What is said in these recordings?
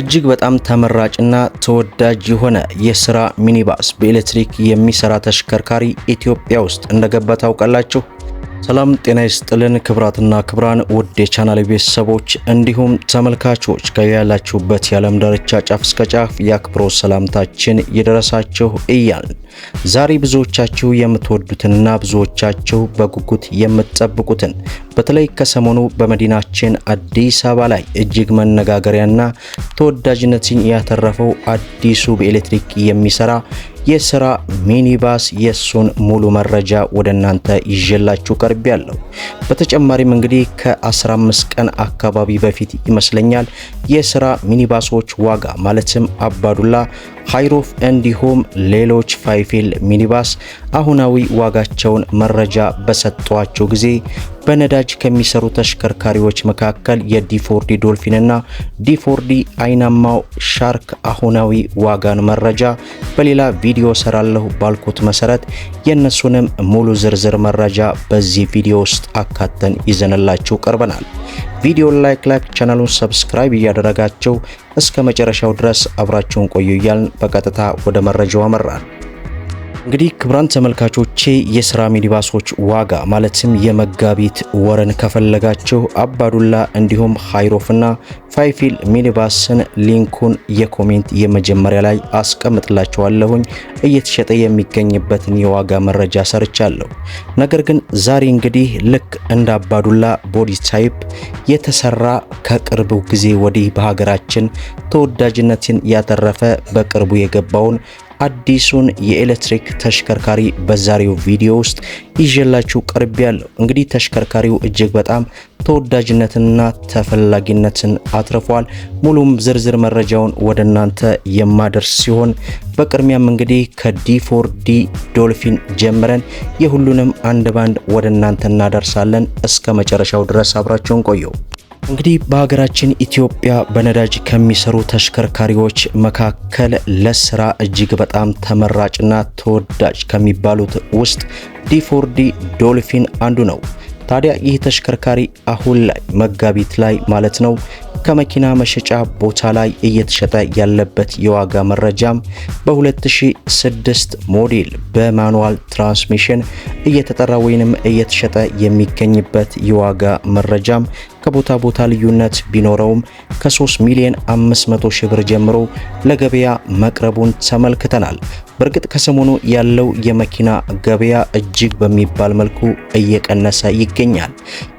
እጅግ በጣም ተመራጭና ተወዳጅ የሆነ የስራ ሚኒባስ በኤሌክትሪክ የሚሰራ ተሽከርካሪ ኢትዮጵያ ውስጥ እንደገባ ታውቃላችሁ? ሰላም ጤና ይስጥልን ክብራትና ክብራን ውድ የቻናል ቤተሰቦች እንዲሁም ተመልካቾች ከያላችሁበት የዓለም ዳርቻ ጫፍ እስከ ጫፍ የአክብሮ ሰላምታችን ይደረሳችሁ እያልን ዛሬ ብዙዎቻችሁ የምትወዱትንና ብዙዎቻችሁ በጉጉት የምትጠብቁትን በተለይ ከሰሞኑ በመዲናችን አዲስ አበባ ላይ እጅግ መነጋገሪያና ተወዳጅነትን ያተረፈው አዲሱ በኤሌክትሪክ የሚሰራ የስራ ሚኒባስ የሱን ሙሉ መረጃ ወደ እናንተ ይዤላችሁ ቀርብ ያለው። በተጨማሪም እንግዲህ ከ15 ቀን አካባቢ በፊት ይመስለኛል የስራ ሚኒባሶች ዋጋ ማለትም አባዱላ ሃይሮፍ እንዲሁም ሌሎች ፋይፊል ሚኒባስ አሁናዊ ዋጋቸውን መረጃ በሰጧቸው ጊዜ በነዳጅ ከሚሰሩ ተሽከርካሪዎች መካከል የዲፎርዲ ዶልፊንና ዲፎርዲ አይናማው ሻርክ አሁናዊ ዋጋን መረጃ በሌላ ቪዲዮ ሰራለሁ ባልኩት መሰረት የእነሱንም ሙሉ ዝርዝር መረጃ በዚህ ቪዲዮ ውስጥ አካተን ይዘንላችሁ ቀርበናል። ቪዲዮ ላይክ ላይክ ቻናሉን ሰብስክራይብ እያደረጋችሁ እስከ መጨረሻው ድረስ አብራችሁን ቆዩ እያልን በቀጥታ ወደ መረጃው አመራን። እንግዲህ ክቡራን ተመልካቾቼ የስራ ሚኒባሶች ዋጋ ማለትም የመጋቢት ወረን ከፈለጋችሁ አባዱላ እንዲሁም ሃይሮፍና ፋይፊል ሚኒባስን ሊንኩን የኮሜንት የመጀመሪያ ላይ አስቀምጥላችኋለሁኝ እየተሸጠ የሚገኝበትን የዋጋ መረጃ ሰርቻለሁ። ነገር ግን ዛሬ እንግዲህ ልክ እንደ አባዱላ ቦዲ ታይፕ የተሰራ ከቅርቡ ጊዜ ወዲህ በሀገራችን ተወዳጅነትን ያተረፈ በቅርቡ የገባውን አዲሱን የኤሌክትሪክ ተሽከርካሪ በዛሬው ቪዲዮ ውስጥ ይዤላችሁ ቀርቤያለሁ። እንግዲህ ተሽከርካሪው እጅግ በጣም ተወዳጅነትንና ተፈላጊነትን አትርፏል። ሙሉም ዝርዝር መረጃውን ወደ እናንተ የማደርስ ሲሆን በቅድሚያም እንግዲህ ከዲ4 ዲ ዶልፊን ጀምረን የሁሉንም አንድ ባንድ ወደ እናንተ እናደርሳለን። እስከ መጨረሻው ድረስ አብራችሁን ቆየው። እንግዲህ በሀገራችን ኢትዮጵያ በነዳጅ ከሚሰሩ ተሽከርካሪዎች መካከል ለስራ እጅግ በጣም ተመራጭና ተወዳጅ ከሚባሉት ውስጥ ዲፎርዲ ዶልፊን አንዱ ነው። ታዲያ ይህ ተሽከርካሪ አሁን ላይ መጋቢት ላይ ማለት ነው ከመኪና መሸጫ ቦታ ላይ እየተሸጠ ያለበት የዋጋ መረጃም በ2006 ሞዴል በማኑዋል ትራንስሚሽን እየተጠራ ወይንም እየተሸጠ የሚገኝበት የዋጋ መረጃም ከቦታ ቦታ ልዩነት ቢኖረውም ከ3 ሚሊዮን 500 ሺህ ብር ጀምሮ ለገበያ መቅረቡን ተመልክተናል። በእርግጥ ከሰሞኑ ያለው የመኪና ገበያ እጅግ በሚባል መልኩ እየቀነሰ ይገኛል።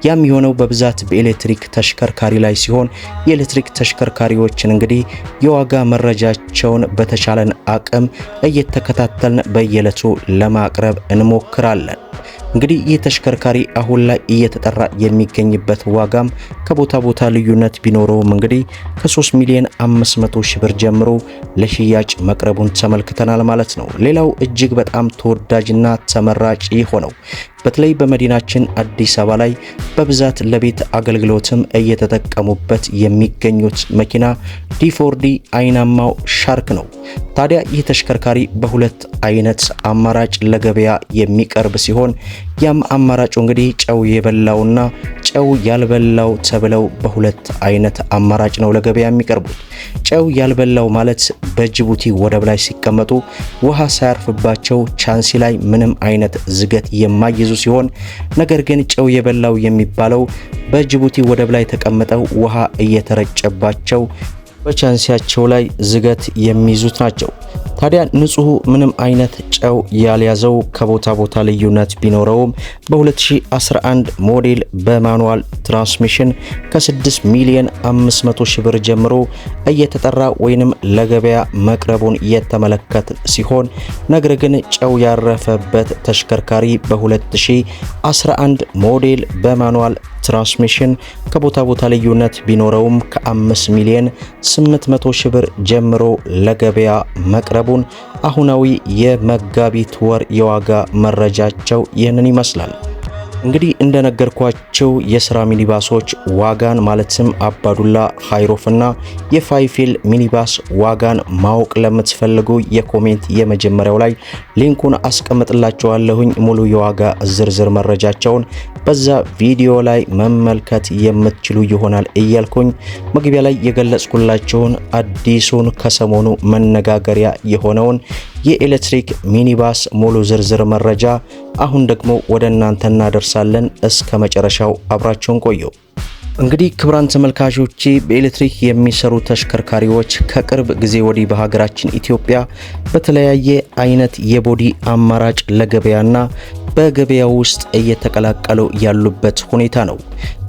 ያም የሆነው በብዛት በኤሌክትሪክ ተሽከርካሪ ላይ ሲሆን የኤሌክትሪክ ተሽከርካሪዎችን እንግዲህ የዋጋ መረጃቸውን በተቻለን አቅም እየተከታተልን በየዕለቱ ለማቅረብ እንሞክራለን። እንግዲህ ይህ ተሽከርካሪ አሁን ላይ እየተጠራ የሚገኝበት ዋጋም ከቦታ ቦታ ልዩነት ቢኖረውም እንግዲህ ከ3 ሚሊዮን 500 ሺህ ብር ጀምሮ ለሽያጭ መቅረቡን ተመልክተናል ማለት ነው። ሌላው እጅግ በጣም ተወዳጅና ተመራጭ የሆነው በተለይ በመዲናችን አዲስ አበባ ላይ በብዛት ለቤት አገልግሎትም እየተጠቀሙበት የሚገኙት መኪና ዲፎርዲ አይናማው ሻርክ ነው። ታዲያ ይህ ተሽከርካሪ በሁለት አይነት አማራጭ ለገበያ የሚቀርብ ሲሆን ያም አማራጩ እንግዲህ ጨው የበላውና ጨው ያልበላው ተብለው በሁለት አይነት አማራጭ ነው ለገበያ የሚቀርቡት። ጨው ያልበላው ማለት በጅቡቲ ወደብ ላይ ሲቀመጡ ውሃ ሳያርፍባቸው ቻንሲ ላይ ምንም አይነት ዝገት የማይዙ ሲሆን፣ ነገር ግን ጨው የበላው የሚባለው በጅቡቲ ወደብ ላይ ተቀምጠው ውሃ እየተረጨባቸው በቻንሲያቸው ላይ ዝገት የሚይዙት ናቸው። ታዲያ ንጹሁ ምንም አይነት ጨው ያልያዘው ከቦታ ቦታ ልዩነት ቢኖረውም በ2011 ሞዴል በማኑዋል ትራንስሚሽን ከ6 ሚሊዮን 500 ሺህ ብር ጀምሮ እየተጠራ ወይንም ለገበያ መቅረቡን የተመለከት ሲሆን ነገር ግን ጨው ያረፈበት ተሽከርካሪ በ2011 ሞዴል በማኑዋል ትራንስሚሽን ከቦታ ቦታ ልዩነት ቢኖረውም ከ5 ሚሊዮን ከ800 ሺህ ብር ጀምሮ ለገበያ መቅረቡን አሁናዊ የመጋቢት ወር የዋጋ መረጃቸው ይህንን ይመስላል። እንግዲህ እንደነገርኳቸው የስራ ሚኒባሶች ዋጋን ማለትም አባዱላ ሃይሮፍና የፋይፊል ሚኒባስ ዋጋን ማወቅ ለምትፈልጉ የኮሜንት የመጀመሪያው ላይ ሊንኩን አስቀምጥላችኋለሁኝ። ሙሉ የዋጋ ዝርዝር መረጃቸውን በዛ ቪዲዮ ላይ መመልከት የምትችሉ ይሆናል እያልኩኝ መግቢያ ላይ የገለጽኩላችሁን አዲሱን ከሰሞኑ መነጋገሪያ የሆነውን የኤሌክትሪክ ሚኒባስ ሙሉ ዝርዝር መረጃ አሁን ደግሞ ወደ እናንተ እናደርሳለን። እስከ መጨረሻው አብራችሁን ቆዩ። እንግዲህ ክብራን ተመልካቾቼ በኤሌክትሪክ የሚሰሩ ተሽከርካሪዎች ከቅርብ ጊዜ ወዲህ በሀገራችን ኢትዮጵያ በተለያየ አይነት የቦዲ አማራጭ ለገበያና በገበያ ውስጥ እየተቀላቀሉ ያሉበት ሁኔታ ነው።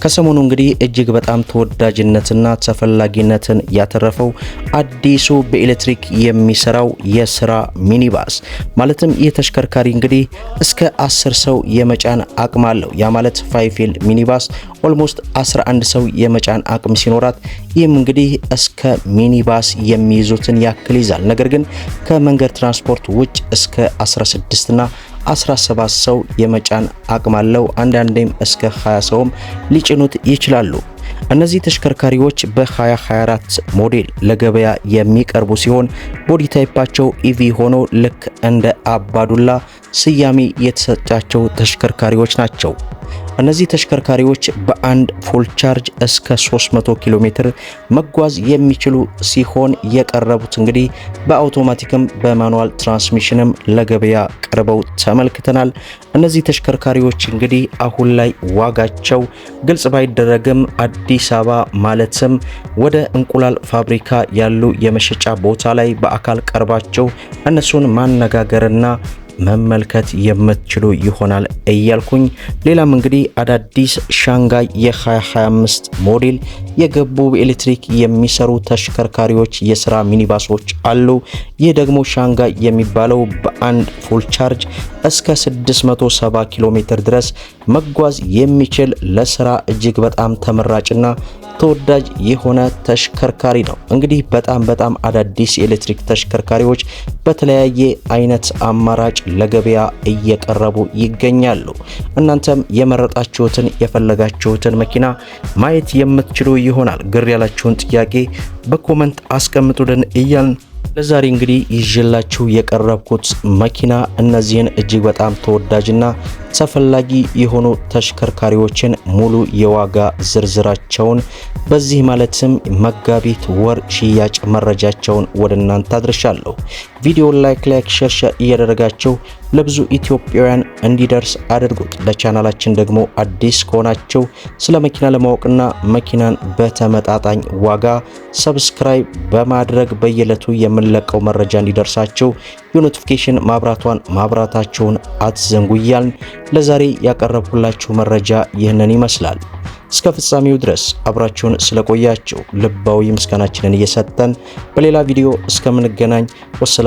ከሰሞኑ እንግዲህ እጅግ በጣም ተወዳጅነትና ተፈላጊነትን ያተረፈው አዲሱ በኤሌክትሪክ የሚሰራው የስራ ሚኒባስ ማለትም ይህ ተሽከርካሪ እንግዲህ እስከ 10 ሰው የመጫን አቅም አለው። ያ ማለት ፋይፊል ሚኒባስ ኦልሞስት 11 ሰው የመጫን አቅም ሲኖራት ይህም እንግዲህ እስከ ሚኒባስ የሚይዙትን ያክል ይዛል። ነገር ግን ከመንገድ ትራንስፖርት ውጭ እስከ 16ና 17 ሰው የመጫን አቅም አለው። አንዳንዴም እስከ 20 ሰውም ሊጭኑት ይችላሉ። እነዚህ ተሽከርካሪዎች በ2024 ሞዴል ለገበያ የሚቀርቡ ሲሆን ቦዲ ታይፓቸው ኢቪ ሆኖ ልክ እንደ አባዱላ ስያሜ የተሰጣቸው ተሽከርካሪዎች ናቸው። እነዚህ ተሽከርካሪዎች በአንድ ፉል ቻርጅ እስከ 300 ኪሎ ሜትር መጓዝ የሚችሉ ሲሆን የቀረቡት እንግዲህ በአውቶማቲክም በማኑዋል ትራንስሚሽንም ለገበያ ቀርበው ተመልክተናል። እነዚህ ተሽከርካሪዎች እንግዲህ አሁን ላይ ዋጋቸው ግልጽ ባይደረግም አዲስ አበባ ማለትም ወደ እንቁላል ፋብሪካ ያሉ የመሸጫ ቦታ ላይ በአካል ቀርባቸው እነሱን ማነጋገርና መመልከት የምትችሉ ይሆናል እያልኩኝ ሌላም እንግዲህ አዳዲስ ሻንጋይ የ2025 ሞዴል የገቡ ኤሌክትሪክ የሚሰሩ ተሽከርካሪዎች የስራ ሚኒባሶች አሉ። ይህ ደግሞ ሻንጋይ የሚባለው በአንድ ፉል ቻርጅ እስከ 670 ኪሎ ሜትር ድረስ መጓዝ የሚችል ለስራ እጅግ በጣም ተመራጭና ተወዳጅ የሆነ ተሽከርካሪ ነው። እንግዲህ በጣም በጣም አዳዲስ የኤሌክትሪክ ተሽከርካሪዎች በተለያየ አይነት አማራጭ ለገበያ እየቀረቡ ይገኛሉ። እናንተም የመረጣችሁትን የፈለጋችሁትን መኪና ማየት የምትችሉ ይሆናል። ግር ያላችሁን ጥያቄ በኮመንት አስቀምጡልን እያልን ለዛሬ እንግዲህ ይዤላችሁ የቀረብኩት መኪና እነዚህን እጅግ በጣም ተወዳጅና ተፈላጊ የሆኑ ተሽከርካሪዎችን ሙሉ የዋጋ ዝርዝራቸውን በዚህ ማለትም መጋቢት ወር ሽያጭ መረጃቸውን ወደ እናንተ አድርሻለሁ። ቪዲዮ ላይክ ላይክ ሼር ሼር እያደረጋቸው ለብዙ ኢትዮጵያውያን እንዲደርስ አድርጉት። ለቻናላችን ደግሞ አዲስ ከሆናቸው ስለ መኪና ለማወቅና መኪናን በተመጣጣኝ ዋጋ ሰብስክራይብ በማድረግ በየዕለቱ የምንለቀው መረጃ እንዲደርሳቸው የኖቲፊኬሽን ማብራቷን ማብራታቸውን አትዘንጉያል ለዛሬ ያቀረብኩላችሁ መረጃ ይህንን ይመስላል። እስከ ፍጻሜው ድረስ አብራችሁን ስለቆያችሁ ልባዊ ምስጋናችንን እየሰጠን በሌላ ቪዲዮ እስከምንገናኝ ወሰላ